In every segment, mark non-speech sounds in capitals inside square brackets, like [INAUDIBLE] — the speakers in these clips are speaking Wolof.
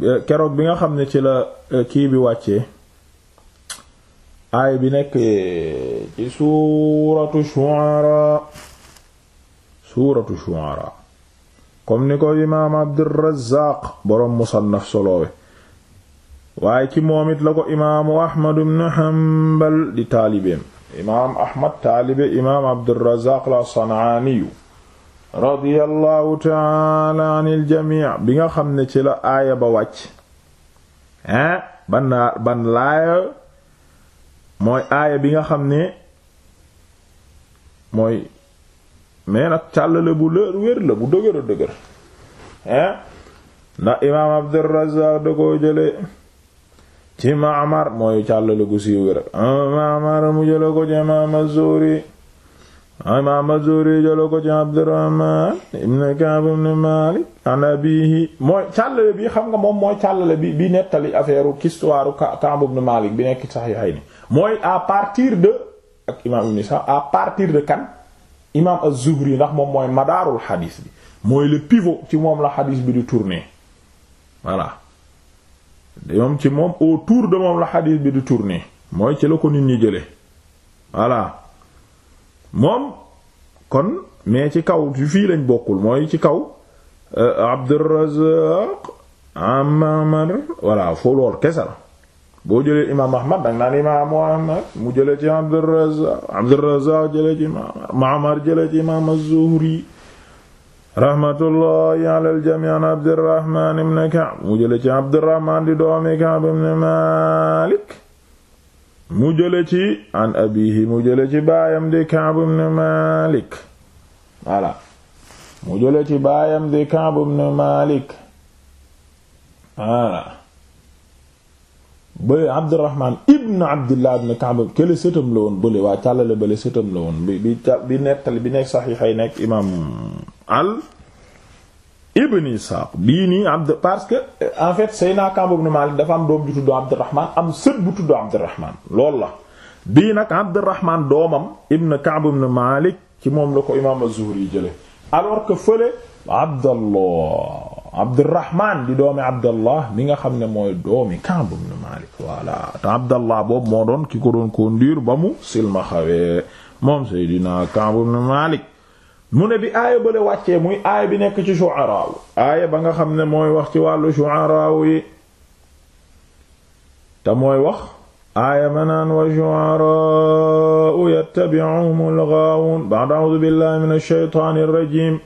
keroog bi nga xam ne ci la eh, kii bi wàccee bi nekk eh, ci suuratu shu'ara suuratu shu'ara comme ni ko imaam Abdurrazzaq boroom musannaf soloowe waaye ci moom it la ko imaamu Ahmad ibn Hanbal di taalibeem imaam Ahmad taalibe imaam Abdurrazzaq la Sanaaniyu radiyallahu taala anil jamii bi nga xam ne ci la aaya ba wàcc hein ban naa laaya mooy aaya bi nga xam ni mooy mais nag càllale bu lër wér la bu dëgër a dëgër hein ndax imaam Abdurrazzaq da koo jële ci Ma'mar mooy càllale gu siiw wér Ma'mar mu jële ko ci imaam imaam az-Zuhri jëla ko ci Abdurrahman ibn mooy xam nga moom mooy càllale bi bi nettali affaire u histoire Ka'b ibn Malik bi nekk mooy à partir de de kan imaam az moom mooy madaarul xadiis bi mooy le pivot ci moom la xadiis bi di tourner voilà moom ci moom autour de moom la xadiis bi di tourner mooy ci la ko nit ñi jële voilà moom kon mais ci kaw fii lañ bokkul mooy ci kaw euh, Abdurrazzaq Ammaar voilà foo lool kese la boo jëlee imaam Ahmad danga naan imaam Muhammad mu jëlee ci Abdurrazzaq Abdurrazzaq jëlee ci Ma'mar Ma'mar jëlee ci imaam az rahmatullahi ala jamii an Abdurrahmaan ibn Ka'b mu jëlee ci Abdurrahmaan di doomi Ka'b ibn Maalik mu jële ci an abihi mu jële ci baayam di Ka'b ibn Malik voilà mu jële ci baayam di Ka'b ibn Malik voilà bële Abdurrahman ibn Abdullah ibn Ka'b kële sëtam la woon bële waa càllale bële sëtam bi nettali bi nekk saxiixa yi nekk imaam al ibn Isaaq bii nii abd parce que euh, en fait Seydina Kaab ibn Maalik dafa am doom ju tudd Abdurrahman am sët bu tudd Abdurrahman loolu la bii nag Abdurrahman doomam ibn Kaab ibn Maalik ci moom la ko imaam az-Zuhri jële alors que fële Abdallah Abdurrahman di doomi Abdallah mi nga xam ne mooy doomi Kaab ibn Malik voilà te Abdallah boobu moo doon ki ko doon conduire ba mu silmaxawee moom Seydina Kaab ibn Malik mu ne bi aaya bale wàccee muy aaya bi nekk ci shu'ara aaya ba nga xam ne mooy wax ci wàllu shu'ara yi te mooy wax aaya manaan wa shu'ara yattabi'uhumul ghaawun ba'd a'uuzu billahi minash shaytaanir rajiim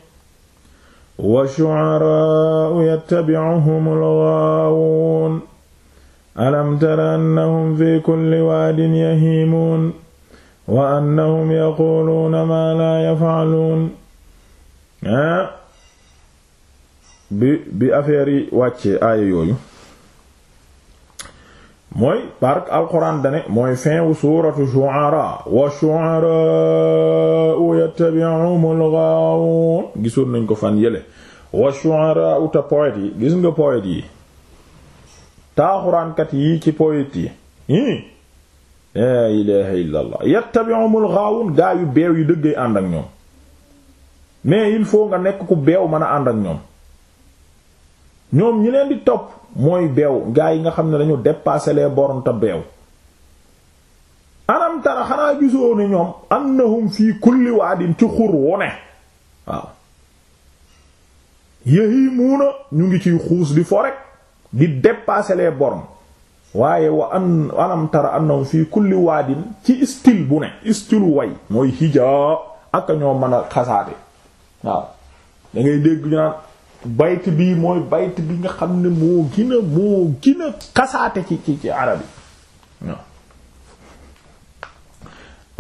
wa shu'ara yattabi'uhumul ghaawun alam tara annahum fi kulli waadin yahiimuun wa annahum yaquluuna maa laa yafaaluun ah bi bi affaire yi wàcce aaya yooyu mooy park alquran dane mooy fin wu suuratu shu'ara wa shu'ara'u yattabi'uhumul ghaawuun gisoon nañ ko fan yële wa shu'ara'u te poète yi gis nga poète yi taaxuraankat yi ci poète yi laa ilaha illa allah yattabi'umul ghaawun gaa yu beew yi dëggee ànd ak ñoom mais il faut nga nekk ku beew mën a ànd ak ñoom ñoom ñi leen di topp mooy beew gaa yi nga xam ne dañu dépasser les bornes te beew anam xanaa gisoo ne ñoom annahum fii kulli waadin ci xur wu ne waaw ñu ngi ciy xuus di fo rek di dépasser les waaye wa an alam tara annahum fii kulli waadin ci style bu ne style way mooy hijaa ak ñoo mën a xasaate waaw da ngay dégg ñu naan bayt bi mooy bayt bi nga xam ne moo gina moo gina xasaate ci ci ci arabi waaw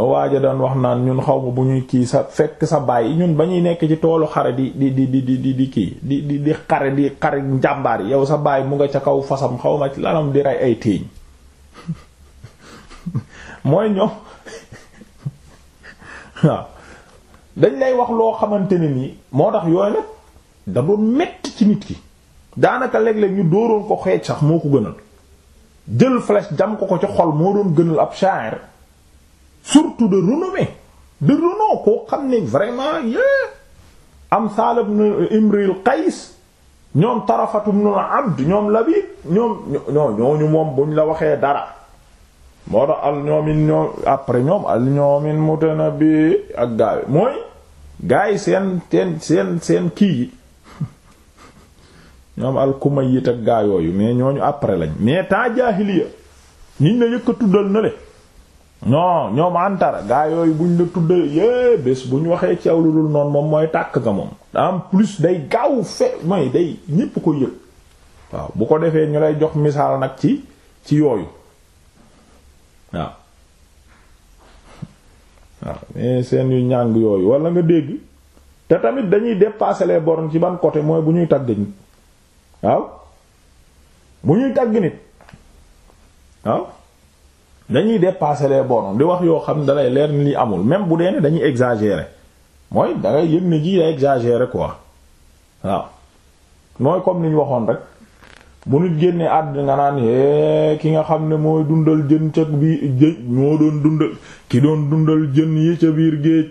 waaja daan wax naan ñun xawma bu ñuy kii sa fekk sa bàyyi ñun ba ñuy nekk ci toolu xare di di di di di kii di di xare di xare njàmbaar yow sa baay mu nga ca kaw fasam xawma ci lanam di rey ay téeñ [LAUGHS] mooy ñoom [LAUGHS] waaw dañ lay wax loo xamante ne nii moo tax yooyu nag da doon metti ci nit ki daanaka léeg-léeg ñu dooroon ko xeej sax moo ko gënal jël flèche jam ko ko ci xol moo doon gënal ab sha'ir surtout de renommée de renom koo xam ne vraiment yé am saalab na imril qais ñoom tarafatu ibn abd ñoom labid ñoom ñoo ñooñu moom buñ la waxee dara moo tax al ñoomin ñoom après ñoom al ñoomin mutanabi ak gaawe mooy gaa yi seen seen seen seen kii yi [LAUGHS] ñoom mais ñooñu après lañ mais temps jaahiliya ñiñ la yëkka tuddal na le non ñoom antara gaa yooyu buñ la tudd yée bés bu ñu waxee ci aw lu dul noonu moom mooy tàkk nga moom en plus day gaaw fe mooy day ñépp ko yëg waaw bu ko defee ñu lay jox misaal nag ci ci yooyu waaw waaw mais seen yu ñàng yooyu wala nga dégg te tamit dañuy dépasser les bornes ci ban côté mooy bu ñuy tagg nit waaw bu ñuy tagg nit waaw dañuy dépasser les bornes di wax yoo xam ne dalay leer ni li amul même bu dee ne dañuy exagérer mooy dangay yëg ne ji day ko wax waaw mooy comme ni waxoon rek bu nit génnee àddina nga naan é ki nga xam ne mooy dundal jën ca biir géej moo doon dundal ki doon dundal jën yi ca biir géej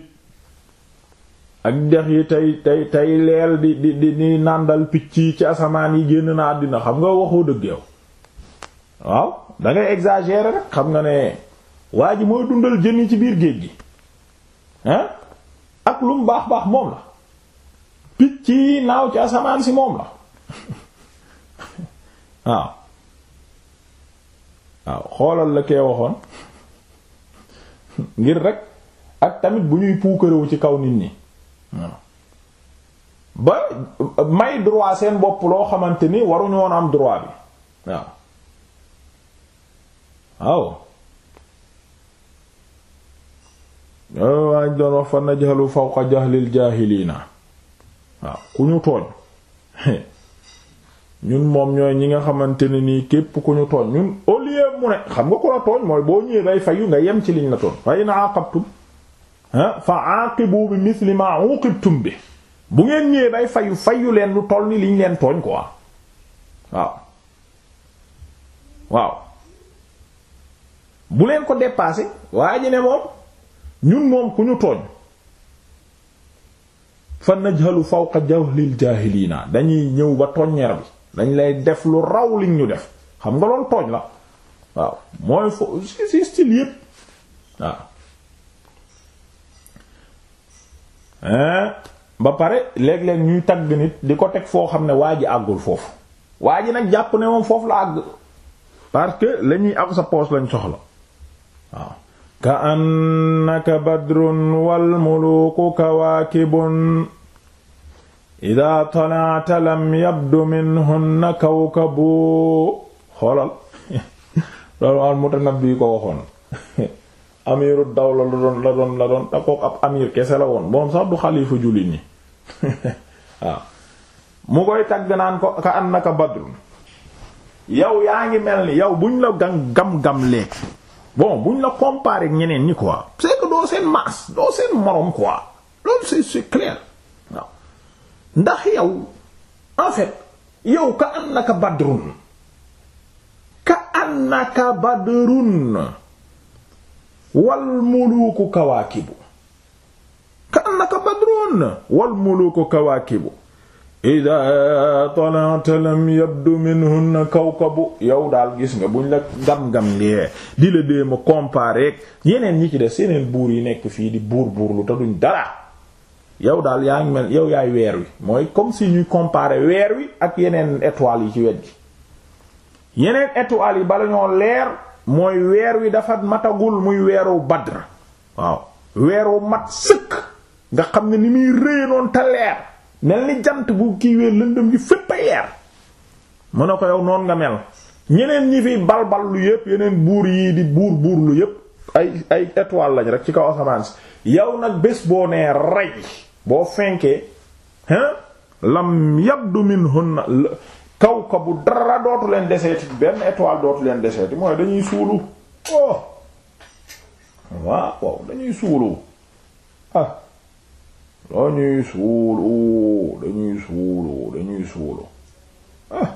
ak dex yi tey tey tey leel di di di di nàndal picc yi ci asamaan yi génn na àddina xam nga waxoo dëgg yow waaw da ngay rek xam nga ne waa ji mooy dundal jën yi ci biir géej gi hein ak lu mu baax baax moom la picc yi naaw ci asamaan si moom la [LAUGHS] waaw waaw xoolal la kee waxoon [LAUGHS] ngir rek ak tamit bu ñuy puukarewu ci kaw nit ñi ba may droit seen bopp loo xamante ni waruñu woon am droit bi waaw waaw waa ñu doon wax fa najhalu fawqa jahlil jaahiliina waaw ku ñu tooñ [LAUGHS] ñun moom ñooy ñi nga xamante ne nii képp ku ñu tooñ ñun au lieu mu ne xam nga ku la tooñ mooy boo ñëwee bay fayu nga yem ci liñ la tooñ fa in aqabtum fa aqibu bi misli ma uqibtum bi bu ngeen ñëwee bay fayu fayu leen lu toll ni liñ leen tooñ quoi waaw waaw bu leen ko dépassé waa ji ne moom ñun moom ku ñu tooñ fa najhalu fawqa jahlil jaahiliina dañuy ñëw ba toññeer bi dañ lay def lu raw liñ ñu def xam nga loolu tooñ la waaw mooy fo si style yépp ba pare léeg-léeg ñuy tagg nit di ko teg foo xam ne waa ji àggul foofu waa ji nag jàpp ne moom foofu la àgg parce que lañuy am sa poche lañ soxla waaw ka annaka badrun wal muluuku kawaakibun ida talaata lam yabdu minhunna kawkabu xoolal [LAUGHS] loolu al mutanabbi ko waxoon [LAUGHS] amiru dawla la doon la doon la doon takook ab amir kese la woon moom sax du xalifa jullit ñi [LAUGHS] mu koy tagg naan ko ka annaka badrun yow yaa ngi mel ni yow buñ la gam gam gam léegi bon buñ la comparer ñeneen ni quoi c'est que doo seen maas doo seen morom quoi loolu c'est c'est clair ndax yow en fait yow ka annaka badrun ka annaka badrun wal muluku kawaakibu ka annaka badrun wal muluku kawaakibu ida talanta lam yabdu minhunna kawkabu yow daal gis nga buñ la gam-gam lee di la dee ma comparer yeneen ñi ci des buur yi nekk fii di buur buur lu te duñ daal yaa ngi mel yow yaay weer mooy comme si ñuy comparer weer wi ak yeneen étoiles yi ci wet gi yeneen étoiles yi bala ñoo leer mooy weer wi dafa matagul muy weeru Badr waaw weeru mat sëkk nga xam ne ni muy rëya noonu te leer mel ni jant bu kiiwee lëndëm gi fépp a yeer mu ne ko yow noonu nga mel ñeneen ñi fiy balbal lu yépp yeneen buur yii di buur buur lu yépp ay ay étoile lañ rek ci kaw asamaan si yow nag bés boo nee rey boo fenkee hein lam yabdu minhunna kaw ko bu dara dootu leen deseeti benn étoile dootu leen deseeti mooy dañuy suulu oh waaw waaw dañuy suulu ah! dañuy suulu dañuy suulu dañuy suulu ah,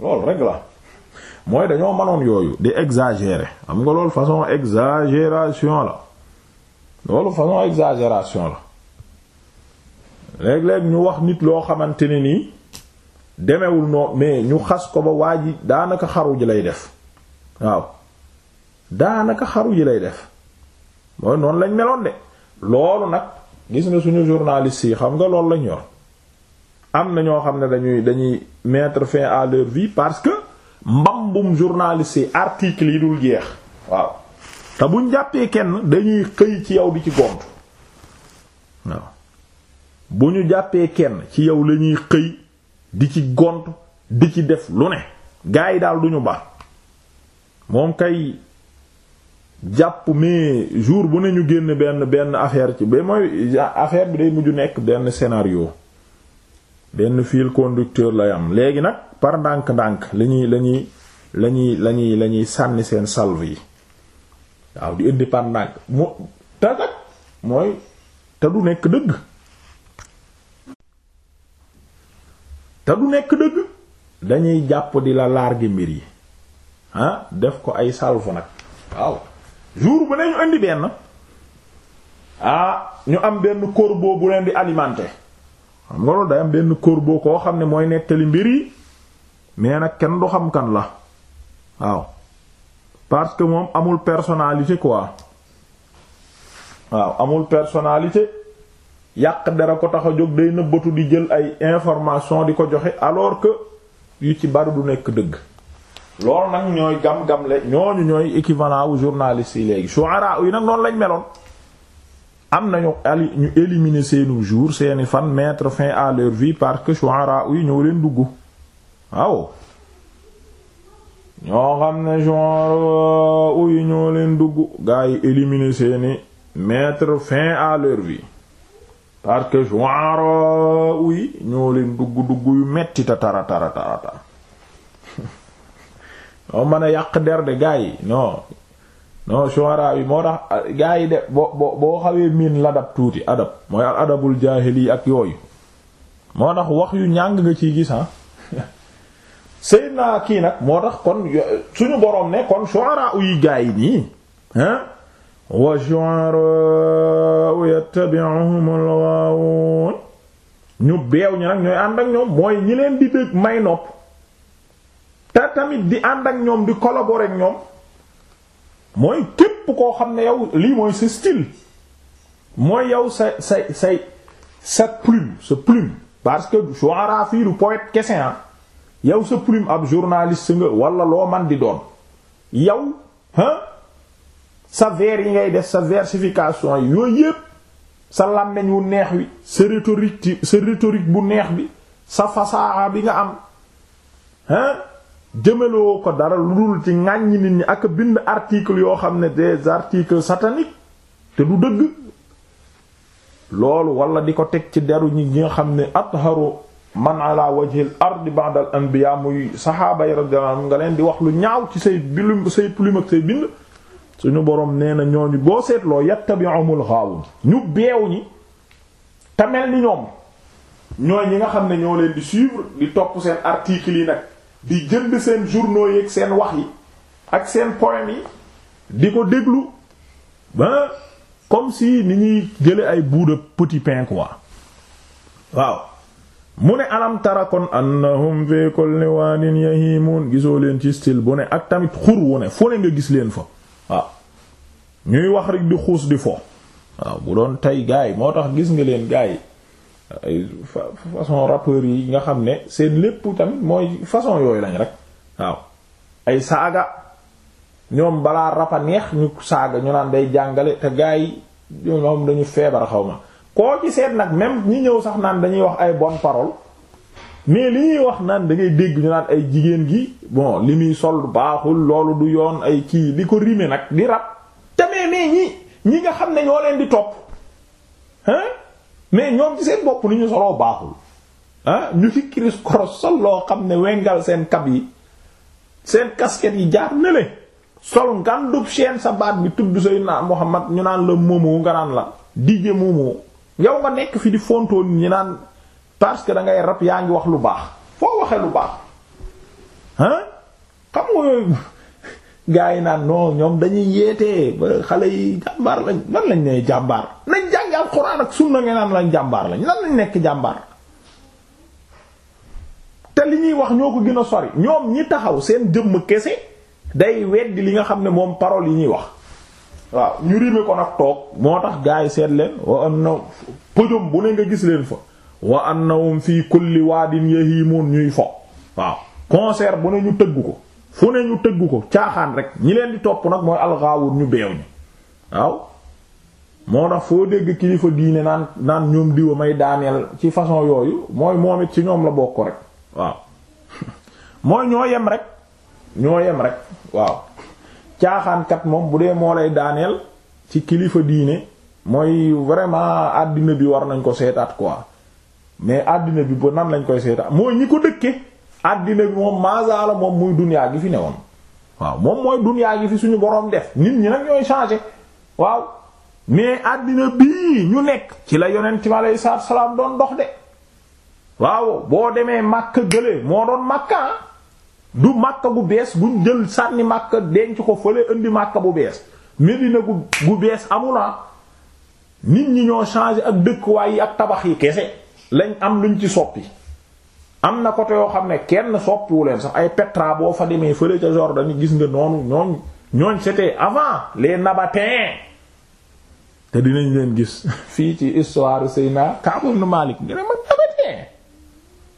loolu rek la mooy dañoo mënoon yooyu di exagérer xam nga loolu façon exagération la loolu façon exagération la léeg-léeg ñu wax nit loo xamante ne nii demewul noo mais ñu xas ko ba waa ji daanaka xaru ji lay def waaw daanaka xaru ji lay def mooy noonu lañ meloon de loolu nag. gis na suñu journalistes yi xam nga loolu lañu yor am na ñoo xam ne dañuy dañuy mettre fin à leur vie parce que mbambum journalistes yi articles yi dul jeex waaw te buñ jàppee kenn dañuy xëy ci yow di ci gont waaw bu ñu jàppee kenn ci yow lañuy xëy di ci gont di ci def lu ne gaa yi daal duñu baax moom kay jàpp mais jour bu ne ñu génn benn benn affaire ci ba mooy affaire bi day mujj nekk benn scénario benn fil conducteur lay am léegi nag par ndànk-ndànk lañuy lañuy lañuy lañuy lañuy sànni seen salve yi waaw di indi par ndànk mu te nag mooy te du nekk dëgg te du nekk dëgg dañuy jàpp di la larguer mbir yi ah def ko ay salve nag waaw jour bu ne ñu indi benn ah ñu am benn corbeau bu leen di alimenter xam nga loolu day am benn corbeau koo xam ne mooy nettali mbir yi mais nag kenn du xam kan la waaw parce que moom amul personnalité quoi waaw amul personnalité yàq dara ko tax a jóg day nëbbatu di jël ay information di ko joxe alors que yu ci bari du nekk dëgg lool nag ñooy gam-gamle ñooñu ñooy équivalent wu journaliste yi léegi shu'ara yi nag noonu lañ meloon am nañu ñu éliminer seeni jour seeni fan mettre fin à leur vie parce que shu'ara yi ñoo leen dugg waaw ñoo xam leen dugg gaa fin à leur vie parce que shu'ara yi ñoo leen yu metti ta tara tara tara non mën a yàq der de gaa yi non non shuara yi moo tax gaa yi de boo boo xawee miin ladab tuuti adab mooy al adabul jaahili ak yooyu moo tax wax yu ñàng nga ci gis ah [LAUGHS] Seydina kii nag moo tax kon suñu boroom ne kon shuara yi gaa yi nii ah wa shuara yattabi'uhumul ghaawun ñu beew ñi nag ñooy ànd ak ñoom mooy ñi leen di dëgg may nopp te tamit di ànd ak ñoom di collaborer ak ñoom mooy képp koo xam ne yow lii mooy sa style mooy yow sa sa say sa plume sa plume parce que shu'ara fii du poète kese ah. yow sa plume ab journaliste nga wala loo man di doon yow hein sa vers yi ngay def sa versification yi yooyu yépp sa làmmiñ wu neex wi sa rhétorique bu neex bi sa fasaxa bi nga am hein jëmalewoo ko dara lu dul ci ŋàññi nit ñi ak bind article yoo xam ne des articles sataniques te du dëgg loolu wala di ko teg ci deru ñi nga xam ne atharu man ala wajhi al ard ba'da al anbiya muy saxaaba yi radiyallahu nga leen di wax lu ñaaw ci say bilum say plume ak say bind suñu boroom nee na ñooñu boo seetloo yattabi'umul ghaawun ñu beew ñi te mel ni ñoom ñooy nga xam ne ñoo leen di suivre di topp seen article yi nag di jënd seen journaux yi ak seen wax yi ak seen poème yi di ko déglu ba comme si ni ñuy jële ay bout de petit pain waaw mu ne alam tara kon annahum fi kulli waadin yahimun gisoo leen ci style bu ne ak tamit xur wu ne fu ne nga gis leen fa waaw ñuy wax rek di xuus di fo waaw bu doon tey gaay moo tax gis nga leen gaay ay façon rappeurs yi nga xam ne seen lépp tamit mooy façon yooyu lañ rek waaw ay saaga ñoom balaa rapa neex ñu saaga ñu naan day jàngale te gars yi ñoom dañu feebar xaw ma koo ci seet nag même ñi ñëw sax naan dañuy wax ay bonne parole mais li ñuy wax naan da dégg ñu naan ay jigéen gi bon li muy sol baaxul loolu du yoon ay kii li ko rime nag di rab te mais ñi ñi nga xam ne ñoo leen di topp mais ñoom ci seen bopp ni ñu soloo baaxul ah ñu fi kiris koros sol loo xam ne wengal seen kab yi seen casquette yi jaar na le sol ngàndub seen sa baat bi tudd Seydina Muhammad ñu naan la moomoo nga naan la DJ moomoo yow nga nekk fi di fontoon ñi naan parce que da ngay rab yaa ngi wax lu baax foo waxee lu baax ah nga yooyu gaa yi naan non ñoom dañuy yeetee ba xale yi jàmbaar lañ lan lañ nee jàmbaar nañ jàngi alxuraan ak sunna nga naan lañ jàmbaar lañ lan lañ nekk jàmbaar te li ñuy wax ñoo ko gën sori ñoom ñi taxaw seen jëmm kese day weddi li nga xam ne moom parole yi ñuy wax waaw ñu rime ko nag toog moo tax gaa yi seet leen wa na pëjom bu ne nga gis leen fa wa annahum fii kulli waadin yahimun ñuy fo waaw concert bu ne ñu tëgg ko fu ne ñu tëgg ko caaxaan rek ñi leen di topp nag mooy alxaawur ñu beew ñi waaw moo tax foo dégg kilifa diine naan naan ñoom diwa may daaneel ci façon yooyu mooy moom ci ñoom la bokk rek waaw [LAUGHS] mooy ñoo yem rek ñoo yem rek waaw caaxaankat moom bu dee moo lay daaneel ci kilifa diine mooy vraiment àddina bi war nañ ko seetaat quoi mais àddina bi ba nan lañ koy seetaat mooy ñi ko dëkke àddina bi moom la moom muy dunyaa gi fi newoon waaw moom mooy dunyaa gi fi suñu boroom def nit ñi nag ñooy changer waaw mais àddina bii ñu nekk ci la yonent mi aleyhi salaatu salaam doon dox de waaw boo demee Makka gële moo doon Makka du Makka bu bees buñ jël sànni Makka denc ko fële indi Makka bu bees Medina gu gu bees amula ah. nit ñi ñoo changer ak dëkkuwaay yi ak tabax yi kese lañ am luñ ci soppi. am na côté yoo xam ne kenn soppiwu leen sax ay Petra boo fa demee fële ca Jordanie gis nga noonu ñooñ ñooñ c'était avant les nabatin te dinañ leen gis [LAUGHS] fii ci histoire Seyna Ka'b ibn Malik nga ne man Nabatéen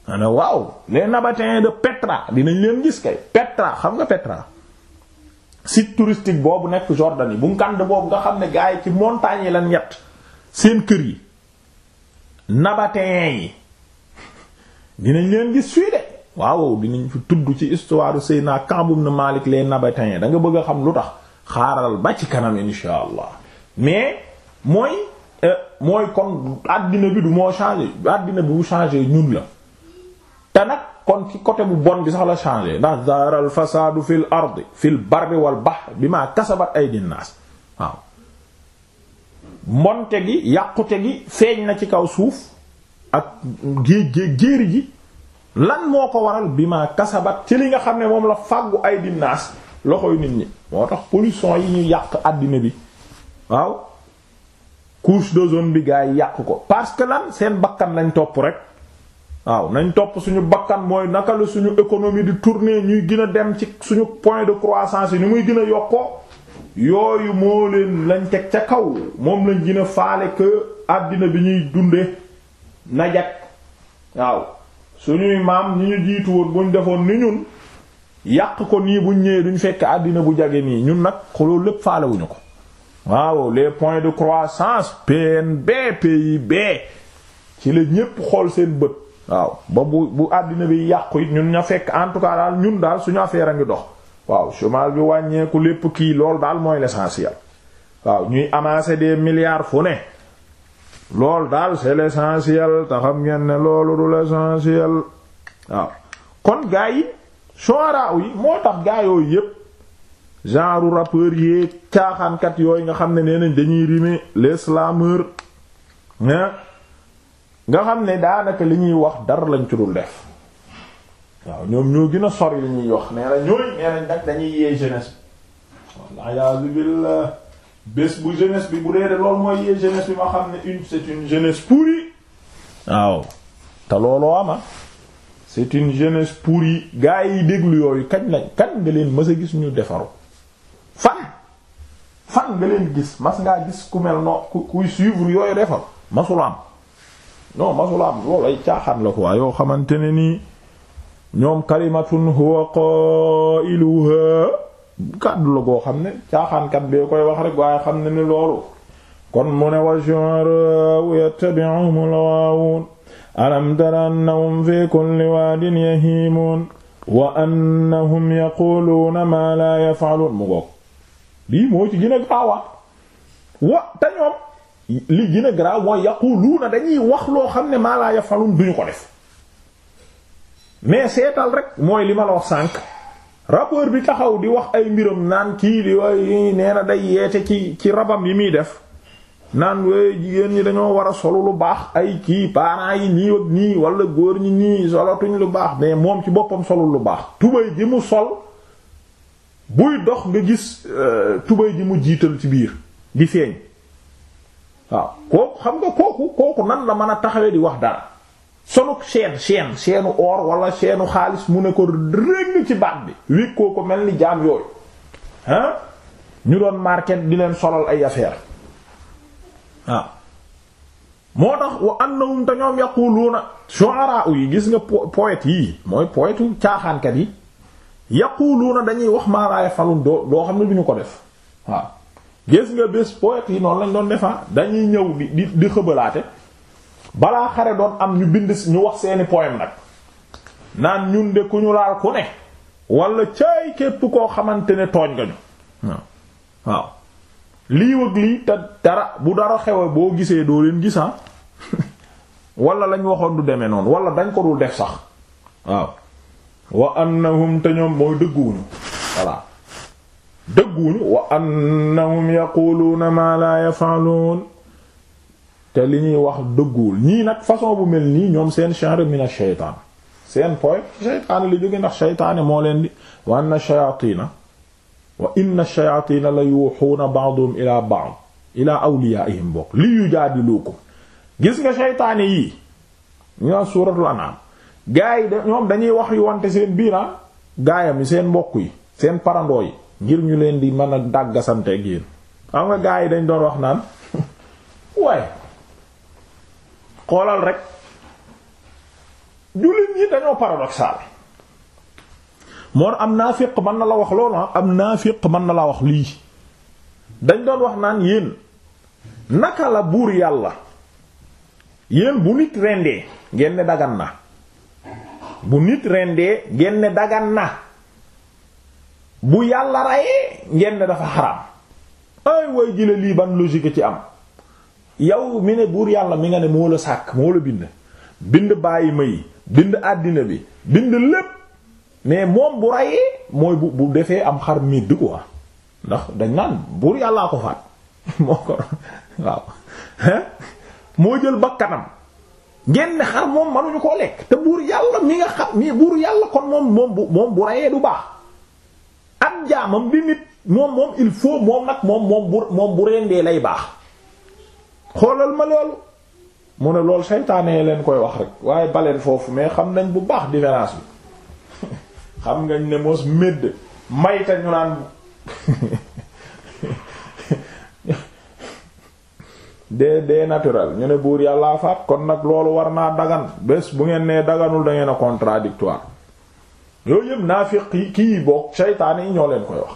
ana waaw les nabatin de Petra dinañ leen gis kay Petra xam nga Petra site touristique boobu nekk Jordanie bu ngànd boobu nga xam ne gars yi ci montagnes yi lan ñett seen kër yi Nabatéens yi dinañ leen gis fii de waaw dinañ fi tudd ci histoire Seydina Kaab ibn Malik les Nabatéens da nga bëgg a xam lu tax xaaral ba ci kanam insha allah mais mooy euh, mooy kon àddina bi du moo changé àddina bi bu changé ñun la te nag kon ci côté bu bon bi sax la changé ndax zahara al fasadu fil ardi fil barri wal bahri bima kasabat aydin nas waaw mbonte gi yàqute gi feeñ na ci kaw suuf ak géej géej géeri ji lan moo ko waral bi ma kasabat ci li nga xam ne moom la fàggu ay loxo yu nit ñi moo tax pollution yi ñuy yàq àddina bi waaw couche d'ozone bi gaa yi yàq ko parce que lan seen bakkan lañ topp rek waaw nañ topp suñu bakkan mooy naka la suñu économie di tourner ñuy gën a dem ci suñu point de croissance yi ni muy gën yokkoo yooyu moo leen lañ teg ca kaw moom lañ gën a faale que àddina bi ñuy dunde na waaw suñuy maam ñi ñu jiitu woon buñ defoon ni ñun yàq ko nii buñ ñëwee duñ fekk àddina bu jage nii ñun nag xoloo lépp faalewuñu ko waaw les point de croissance PNB PIB ci la ñépp xool seen bët waaw ba bu bu àddina bi yàqu it ñun ña fekk en tout cas daal ñun daal suñu affaire a ngi dox waaw chômage bi wàññeeku lépp kii loolu daal mooy l'essentiel waaw ñuy amasser des milliards fu ne loolu daal c'est l'essentiel te xam ngeen ne loolu du l'essentiel waaw kon gaa yi shuara yi moo tax gaa yooyu yépp genre rappeur yee caaxaankat yooyu nga xam ne nee nañ dañuy rimer les slameurs nga xam ne daanaka li ñuy wax dara lañ ci dul def waaw ñoom ñoo gën a sori li ñuy wax nee na ñooy nee dañuy yee jeunesse walla yaa bés bu jeunesse bi bu dee de loolu mooy yee jeunesse bi ma xam ne une c'est une jeunesse pourrie waaw te looloo ama ah. c'est une jeunesse pourrie gaa yi déglu yooyu kañ lañ kañ nga leen mës a gis ñu defaru fan fan nga leen gis mas ngaa gis ku mel no ku kuy suivre yooyu defaru masulaam non masulaam loolu ay caaxaan la ko waa yoo xamante ne nii ñoom kalimatun huwa qailuha kàddu la goo xam ne caaxaankat bee koy wax rek ne ni loolu kon mu ne wa shu'araa'u yattabi'uhumul alam tara annahum fi kulli waadin yahiimuun wa annahum yaquluuna maa laa yaf'aluun mu ngoog lii moo ci gën a wa te ñoom li gën a garaaw dañuy wax loo xam ne maa laa yaf'aluun duñu ko def mais seetal rek mooy rappeur bi taxaw di wax ay mbiram naan kii di way nee na day yeete ci ci rabam yi muy def naan wooy jigéen ñi dañoo war a solu lu baax ay kii parents yi nii ak nii wala góor ñi nii solatuñ lu baax mais moom ci boppam solul lu baax tubay ji mu sol buy dox nga gis euh, tubay ji mu jiital ci biir di feeñ waaw kooku xam nga kooku kooku nan la mën a taxawee di wax dara soluk chaîne chaîne chaîne or wala chaîne xaalis mu ne ko rëng ci baat bi wékkoo ko mel ni jaam yooyu ah ñu doon marqué di leen solal ay affaire waaw moo tax wa annahum te ñoom yaquluuna shu'ara yi gis nga poète yii mooy poète caaxaankat yi yaquluuna dañuy wax maa laa yafalun doo doo xam ne du ñu ko def waaw gis nga bés poète yi noonu lañ doon defaa dañuy ñëw di di xëbalaate balaa xare doon am ñu bind ñu wax seeni poème nag naan ñun de ku ñu laal ku ne wala caay képp koo xamante ne tooñ nga ñu waaw lii wëg lii te dara bu dara xewe boo gisee doo leen gisaa ah. [LAUGHS] wala lañ waxoon du demee noonu wala dañ ko dul def sax waaw wa annahum te ñoom mooy dëgguwuñu voilà dëgguwuñu wa annahum yaquluuna ma la yaf'alun te li ñuy wax dëgguwul ñii nag façon bu mel nii ñoom seen chanre mina seen poy shaytaan ndax shaytaane moo leen di wa anna shayaatiina wa inna shayaatiina la yuuxuuna ba'duhum ilaa ba'd ilaa awliyaa'ihim nga shaytaane yii ñoo gaa yi ñoom dañuy wax yu wante seen biira ah, gaayam yi seen mbokk yi seen parandoo yi ngir ñu leen di mën a dàggasante ak yéen nga gaa yi dañ doon wax naan [LAUGHS] waaye xoolal rek jullit ñi dañoo paradoxal moon am naafiq mën na la wax loolu am naafiq mën na la wax lii dañ doon wax naan yéen naka la buur yàlla yéen bu nit rendee ngeen ne dagan na bu nit rendee ngeen dagan na bu yàlla rayee ngeen ne dafa xaraam ay way jële lii ban logique ci am yow mi ne buur yàlla mi nga ne moo la sàkk moo la bind bind bàyyi may bind àddina bi bind lépp mais moom bu rayee mooy bu defee am xar midd quoi ndax dañ naan buur yàllaa ko faat [LAUGHS] moo ko waaw moo jël bakkanam ngeen ne xar moom manuñu koo lekk te buur yàlla mi nga xam mi buur yàlla kon moom moom bu bu rayee du baax ab jaamam bi il faut moom nag moom moom bu moom bu rendee lay baax xoolal ma loolu mu ne loolu seytaane leen koy wax rek waaye baleen foofu mais xam nañ bu baax différence bi [LAUGHS] xam ngañ ne mos médd mayta ñu naan [LAUGHS] dee dee naturel ñu ne buur yàllaa faat kon nag loolu war naa dagan bés bu ngeen nee daganul da ngeen a contradictoire yooyu yëpp naafiq yi kii yi boog seytaane yi ñoo leen koy wax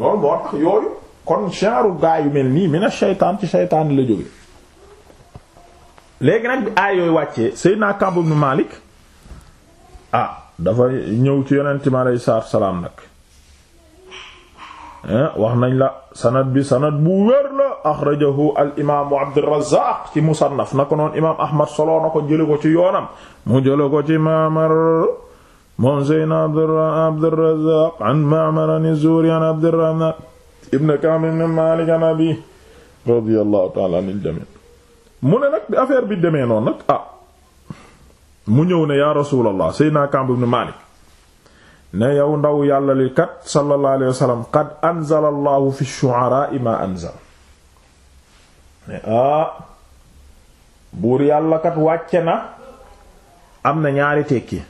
waaw loolu moo tax yooyu kon genre gaa yu mel nii mina shaytaan ci shaytaan la jóge léegi nag bi aay yooyu wàccee Seydina Kaab Malik ah dafa ñëw ci yonent mi salaam nag eh, wax nañ la sanad bi sanad bu wér la axrajahu al imaamu Abdurrazaaq ci musannaf na ko noon Ahmad soloo na ko jële ko ci yoonam mu jële ko ci Ma'mar moom Seydina Abdurrazaaq an Ma'mar an Zuhri an Abdurrahmaan ibn Ka'b ibn Malik an abi radiyallahu ta'ala anil jami mu ne nag bi affaire bi demee noonu nag ah mu ñëw ne yaa rasulallah sayyidina Ka'b ibn Malik ne yow ndaw yàlla li kat sallallahu alayhi wa sallam qad anzala allahu fi shu'ara'i ma anzal ah, buur yàlla kat wàcce na am na ñaari tekki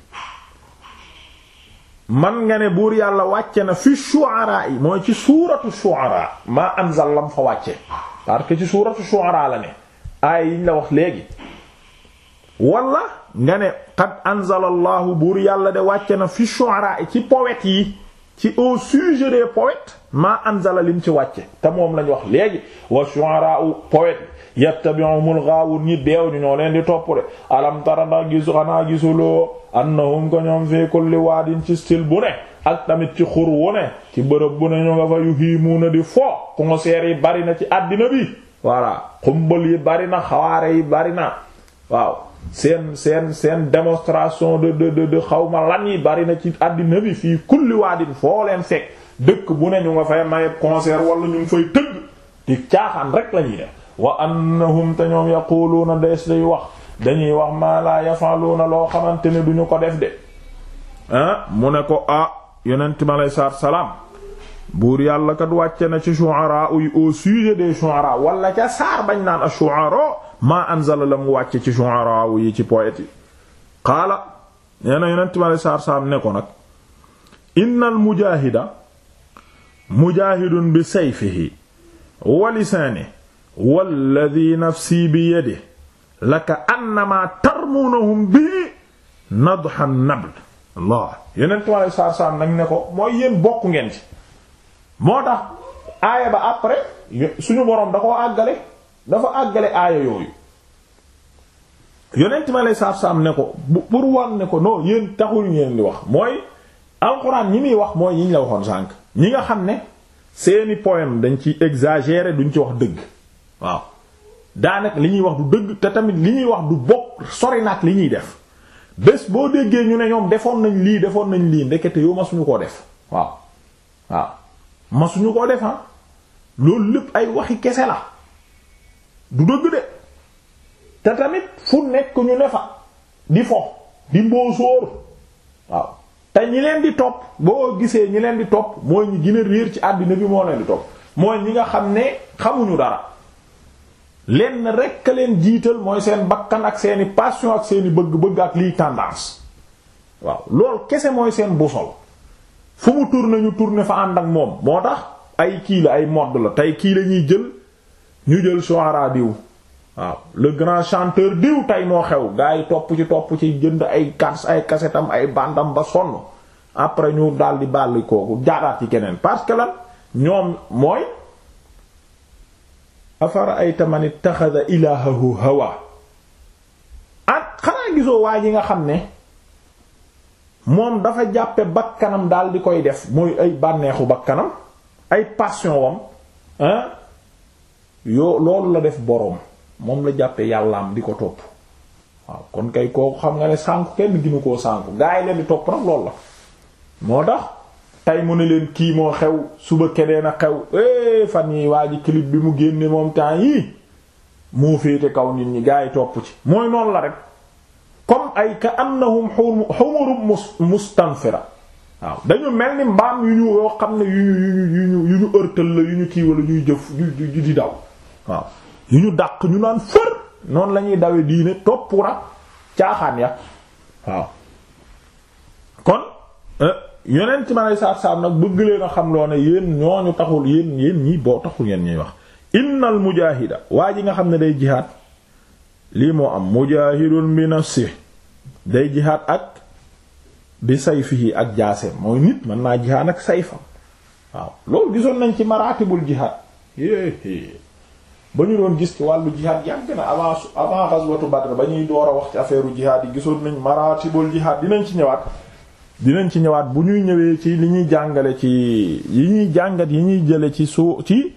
man nga ne buur yàlla wàcce na fi shu'ara yi mooy ci suuratu shu'ara maa anzal lam fa wàcce parce que ci suuratu shu'ara la ne aay yiñ la wax léegi wala nga ne qad anzalallahu buur yàlla de wàcce na fi shu'ara ci poètes yi ci au sujet des poètes maa anzala lim ci wàcce te moom lañ wax léegi wa shu'ara poètes yattabi'umul ghaawun ñi deew ñu ñoo leen di topp de alam tara ndax gisu xanaa gisuloo annahum ko ñoom fi kulli waadin ci stil bu ne ak tamit ci xur wu ne ci bërëb bu ne ñu nga fa di fo concert yi bari na ci àddina bi voilà xumbal yi bari na xawaare yi bari na waaw seen seen seen de de de xawma lan yi bari na ci àddina bi fii kulli waadin foo leen dëkk bu ne ñu fay maye concert wala ñu fay tëgg di caaxaan rek lañuy def wa annahum te ñoom yaquluuna dees day wax dañuy wax maa laa yafaluuna loo xamante ne duñu ko def de ah, mu ne ko a ah, yonent mi aleyhi salaatu salaam buur yàlla kat wàcce na ci shu'ara uy au sujet des shu'ara wala ca saar bañ naan ash-shu'ara maa anzala mu wàcce ci shu'ara yi ci poète yi qaala nee na yonent mi salaam ne ko nag innal mujaahida mujaahidun bi sayfihi wa lisaanihi walladi nafsi bi yadihi laka annama tarmuunahum bihi nadhan nabl Allah yeneen tubaab saar saar nag ne ko mooy yéen bokk ngeen ci moo tax aaya ba après suñu boroom da koo àggale dafa àggale aaya yooyu yonent ma lay saaf-saam ne ko pour wan ne ko non yéen taxul ngeen di wax mooy alxuraan ñi muy wax mooy yi la waxoon sànq ñi nga xam ne seeni poème dañ ci exagérer duñ ci wax dëgg waaw daanaka li ñuy wax du dëgg te tamit li ñuy wax du bokk sori nag li ñuy def bés boo déggee ñu ne ñoom defoon nañ lii defoon nañ lii ndekete yow masuñu koo def waaw waaw masuñu koo def ah loolu lépp ay waxi kese la du dëgg de te tamit fu nekk ñu ne fa di fo di mboosóor waaw te ñi leen di topp boo gisee ñi leen di topp mooy ñi gën a réer ci àddina bi moo leen di topp mooy ñi nga xam ne xamuñu dara lenn rekk leen jiital mooy seen bakkan ak seeni passion ak seeni bëgg-bëgg ak liy tendance waaw loolu kese mooy seen busol fu mu tourné ñu tourné fa ànd ak moom moo tax ay kii la ay modd la tey kii lañuy jël ñu jël soara diw waaw le grand chanteur diw tey moo xew gaa yi topp ci topp ci jënd ay kas ay kasetam ay bandam ba sonn après ñu daldi bàlli kooku jaaraat ci keneen parce que lan ñoom mooy afara'ayta man ittaxada ilaahahu hawaa ak xanaa gisoo waa ji nga xam ne moom dafa jàppe bakkanam daal di koy def mooy ay bànneexu bakkanam ay passion wam ah yoo loolu la def boroom moom la jàppe yàllaam di ko topp waaw kon kay kooku xam nga ne sànku kenn ginu koo sànku gaa leen di topp nag loolu la moo tax tey mu ne leen kii moo xew suba keneen a xew eh fan yi waa ji clip bi mu génne moom temps yii moo féete kaw nit ñi gaa yi topp ci mooy noonu la rek comme ay ka annahum humurun mustanfira waaw dañu mel ni mbaam yu ñu yoo xam ne yu ñu yu ñu yu ñu ërtal la yu ñu kii wala ñuy jëf yu di daw waaw yu ñu dàq ñu naan fër noonu lañuy dawe diine toppura caaxaan ya waaw kon eh, yonent ma lay saat saam nag bëgg leen a xam loo ne yéen ñooñu taxul yéen yéen ñii boo taxul yéen ñuy wax innal mujahida waa ji nga xam ne day jihaad lii moo am mujahidun bi nafsi day jihaad ak bi sayfihi ak jaaseem mooy nit mën naa jihaad ak sayfam waaw loolu gisoon nañ ci maratibul jihaad ba ñu doon gis ci wàllu jihaad yàgg na avant avant ghazwatu badr ba ñuy door a wax ci affaire u yi gisoon nañ maratibul jihaad dinañ ci ñëwaat dinañ ci ñëwaat bu ñuy ñëwee ci li ñuy jàngale ci yi ñuy jàngat yi ñuy jële ci soo ci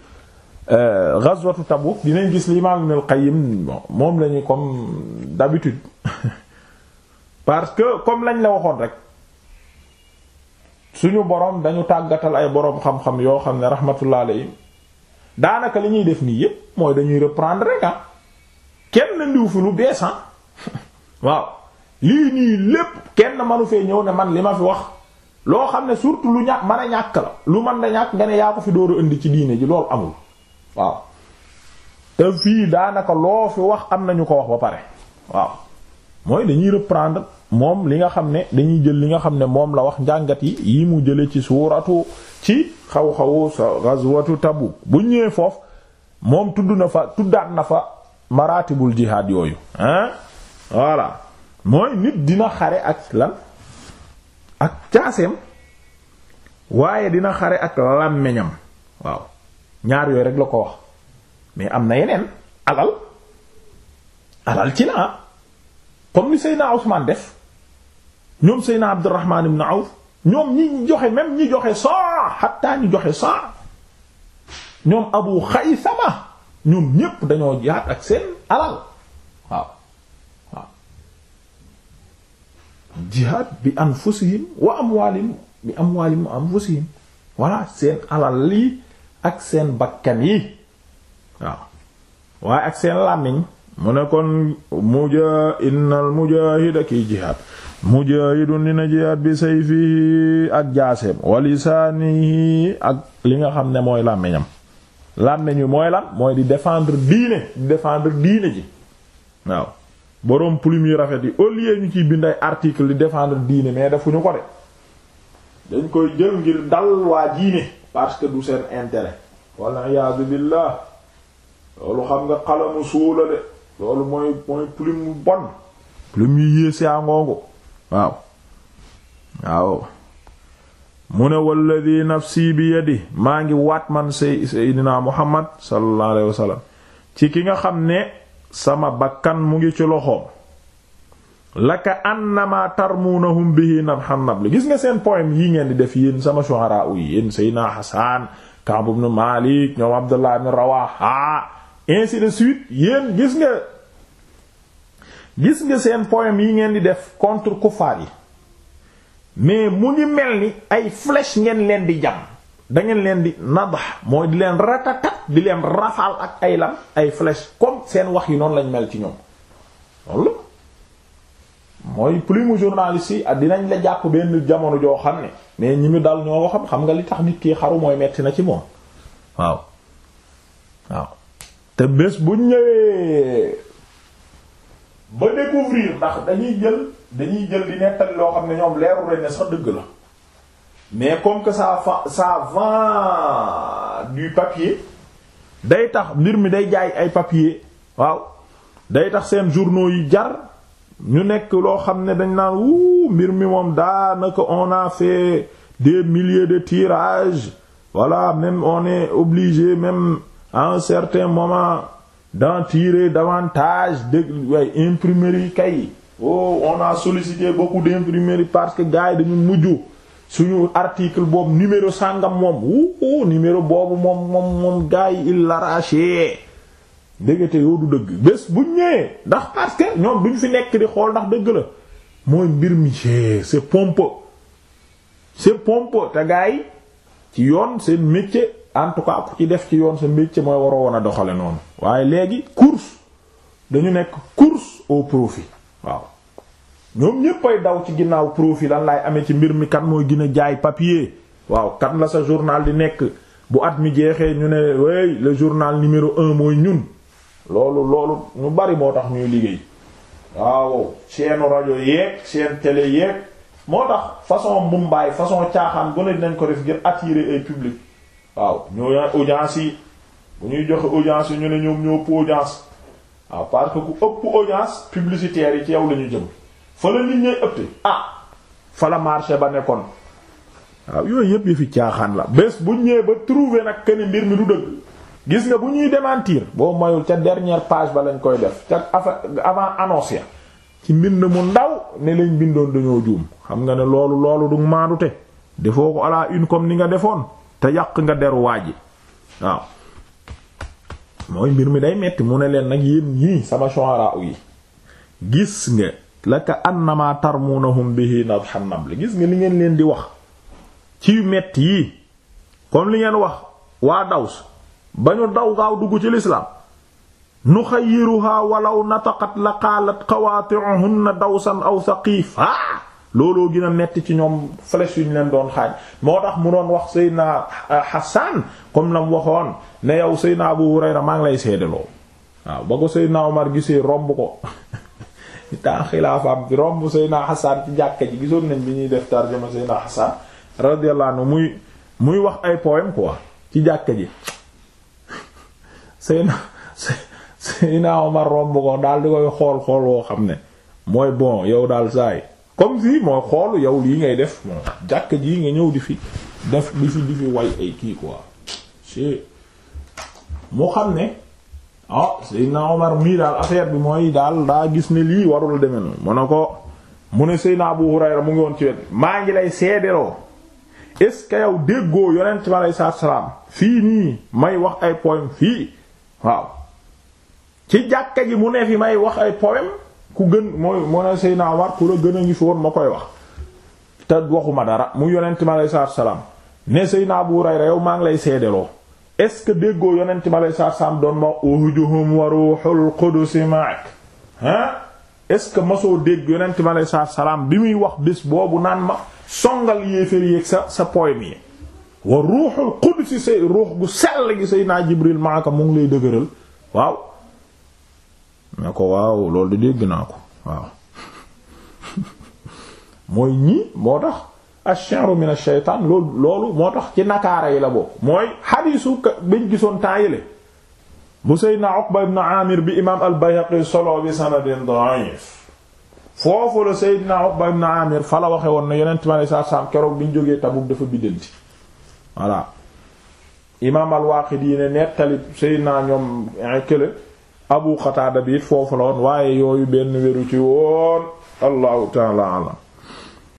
euh, ghazwatu Tabuk dinañ gis li Imam Ibn al-Qayyim moom la ñu comme d'habitude [LAUGHS] parce que comme lañ la waxoon rek suñu borom dañu tàggatal ay boroom xam-xam yoo xam ne rahmatullah alayhi daanaka li ñuy def nii yépp mooy dañuy reprendre rek ah ndiw fi lu bees ah. [LAUGHS] waaw. lii nii lépp kenn manu fee ñëw ne man li ma fi wax loo xam ne surtout lu ñàkk mën a ñàkk la lu man na ñàkk nga ne yaa ko fi dóoru indi ci diine ji loolu amul waaw te fii daanaka loo fi wax am nañu ko wax ba pare waaw mooy dañuy reprendre moom li nga xam ne dañuy jël li nga xam ne moom la wax njàngat yi yi mu jële ci suuratu ci xaw xaw sa ghazwatu Tabuk bu ñëwee foofu moom tudd na fa tuddaat na fa maratibul jihad yooyu hein voilà mooy nit dina xare ak lan ak caaseem waaye dina xare ak làmmiñam waaw ñaar yooyu rek la ko wax mais am na yeneen alal alal ci la ah. comme ni Seydina Ousmane def ñoom seyna Seydina Abdurrahman ibn Awf ñoom ñi joxe même ñi joxe saa xataa ñi joxe saa ñoom Abu Xaysama ñoom ñépp dañoo jaat ak seen alal waaw jihaad bi anfusihim wa amwaalihim bi amwaalihim wa anfusihim voilà seen alal yi ak seen bakkan yi waaw waaye ak seen làmmiñ mu ne kon muja innal mujaahida kiy jihaad mujaahidun dina jihaad bi sayfihi ak jaaseem wa ak li nga xam ne mooy làmmiñam làmmiñu mooy lan mooy di défendre diine di défendre diine ji waaw boroom plume yu rafet yi au lieu ñu ciy bind ay article di défendre diine mais defuñu ko de dañ koy jël ngir dal waa diine parce que du seen intérêt walla iyaadu billah loolu xam nga xalamu suula de loolu mooy mooy plume bon plume yu yées yaa ngoongu waaw waaw mu ne walladi nafsi bi yadi maa ngi waat man say seydinaa muhammad sallallahu alayhi wasallam ci ki nga xam ne sama bakkan mu ngi ci loxoom laka annama tarmuunahum bihi nabhan nabl gis nga seen poème yi ngeen di def yéen sama shu'ara yi yéen Seydina Hassan Ka'b ibn Malik ñoom Abdullah ibn Rawaha ainsi de suite yéen gis nga gis nga seen poème yi ngeen di def contre kufaar yi mais mu ngi mel ni ay flèche ngeen leen di jam da ngeen leen di nadax mooy di leen ratata di leen rafal ak ay lan ay flèche comme seen wax yi noonu lañ mel ci ñoom loolu mooy plume journaliste yi dinañ la jàpp benn jamono joo xam ne mais ñi mu dal ñoo xam xam nga li tax nit kii xaru mooy metti na ci moom waaw waaw te bés bu ñëwee ba découvrir ndax dañuy jël dañuy jël di nettali loo xam ne ñoom leeru rek ne sax dëgg la mais comme que ça ça vend du papier day tax mbir mi day jaay ay papier waaw day tax seen journaux yi jar ñu nekk loo xam ne dañ naan wuu mbir mi moom daanaka on a fait des milliers de tirages voilà même on est obligé même à un certain moment d'en tirer davantage de way imprimerie kay oh on a sollicité beaucoup d'imprimerie parce que gars yi dañu mujj suñu article boobu numéro sàngam moom wuu numéro boobu moom moom moom gars yi il l'arraché ndégete yoo du dëgg bés bu ñëwee ndax parce ñoom duñ fi nekk di xool ndax dëgg la mooy mbir mi c'est pompeux c'est pompeux te gars ci yoon seen métier en tout cas ku ci def ci yoon sa métier mooy waroo woon a doxale noonu waaye léegi course dañu nekk course au profit waaw ñoom ñéppay daw ci ginnaaw profit lan laay amee ci mbir mi kan mooy gën a jaay papier waaw kan la sa journal di nekk bu at mi jeexee ñu ne wey le journal numéro un mooy ñun loolu loolu ñu bari moo tax ñuy liggéey waaw seenu rajo yeeg seen télé yeeg moo tax façon mbumbaay façon caaxaan gone dinañ ko def ngir attirer ay public waaw ñoo audience yi bu ñuy joxe audience yi ñu ne ñoom ñu ëpp audience waaw parce que ku ëpp audience publicitaire yi ci yow la ñu fa la nit ñay ëppee ah fa la marché ba nekkoon waaw yooyu yëpp yëfi caaxaan la bés bu ñëwee ba trouver nag que mbir mi du dëgg gis nga bu ñuy démentir boo mayul ca dernière page ba lañ koy def ca avant annonce ya ci mbind mu ndaw ne lañ bindoon dañoo juum xam nga ne loolu loolu du maandu defoo ko à la comme ni nga defoon te yàq nga deru waaj ji waaw. mooy mbir mi day metti mu ne leen nag yéen yii sama shuara yi gis nga. laka annama tarmuunahum bihi nadhan naml gis nga li ngeen leen di wax ci metti yii comme li ngeen wax waa daws ba ñu daw gaaw dugg ci lislaam nuxayyiruha walaw nataqat la qaalat qawaati'uhunna dawsan aw saqiifa looloo gën a metti ci ñoom flèche yu ñu leen doon xaaj moo tax mu doon wax Seydina euh, Hassan comme la mu waxoon ne yow Seydina Abu Hurayra maa ngi lay seedaloo waaw ba ko Seydina Omar gisee romb ko [LAUGHS] temps xilaafaam bi romb Seydina Hassan ci jàkka ji gisoon nañ bi ñuy def tarjuma Seydina Hassan radiyallahu anhu muy muy wax ay poème quoi ci jàkka ji Seydina Seydina Omar romb ko daal di koy xool xool woo xam ne mooy bon yow daal saay comme si mooy xoolu yow lii ngay def moom jàkka ji nga ñëw di fi def di fi di fi way ay kii quoi mu xam ne ah Seydina Omar mii daal affaire bi mooy daal daa gis ne lii warul demee noonu mu ne ko mu ne Seydina Abu ra mu ngi woon ci wet maa ngi lay seedeloo est ce que yow déggoo yonent bi aleyhi salaam fii nii may wax ay poème fii waaw ci jàkka ji mu ne fi may wax ay poème ku gën mooy mu ne naa Omar ku la gën a ngi fi woon ma koy wax te waxuma dara mu yonent bi aleyhi salaatu salaam ne Seydina Abu Hurayra yow maa ngi lay seedeloo est-ce que déggoo yonent est-ce que masoo bi muy wax bés boobu yi wa maaka mu ngi lay dëgëral waaw ne ko waaw loolu di dégg naa ko waaw [LAUGHS] mooy ñi moo tax ash-shi'ru min ash-shaytaan loolu moo tax ci nakaara yi la bokk mooy xadiisu bañ gisoon temps yile bu Seydina Uqba ibn Amir bi imaam al-Bayhaqi solo bi sanadin da'if foofu la Seydina Uqba ibn Amir fa waxe woon ne yonent mi alayhi salaam keroog bi ñu jógee Tabuk dafa biddanti voilà imaam al-Waaqidi ne nettali Seydina ñoom eh, kële Abu Qataada bi it foofu la woon waaye yooyu benn wéru ci woon allahu taala alam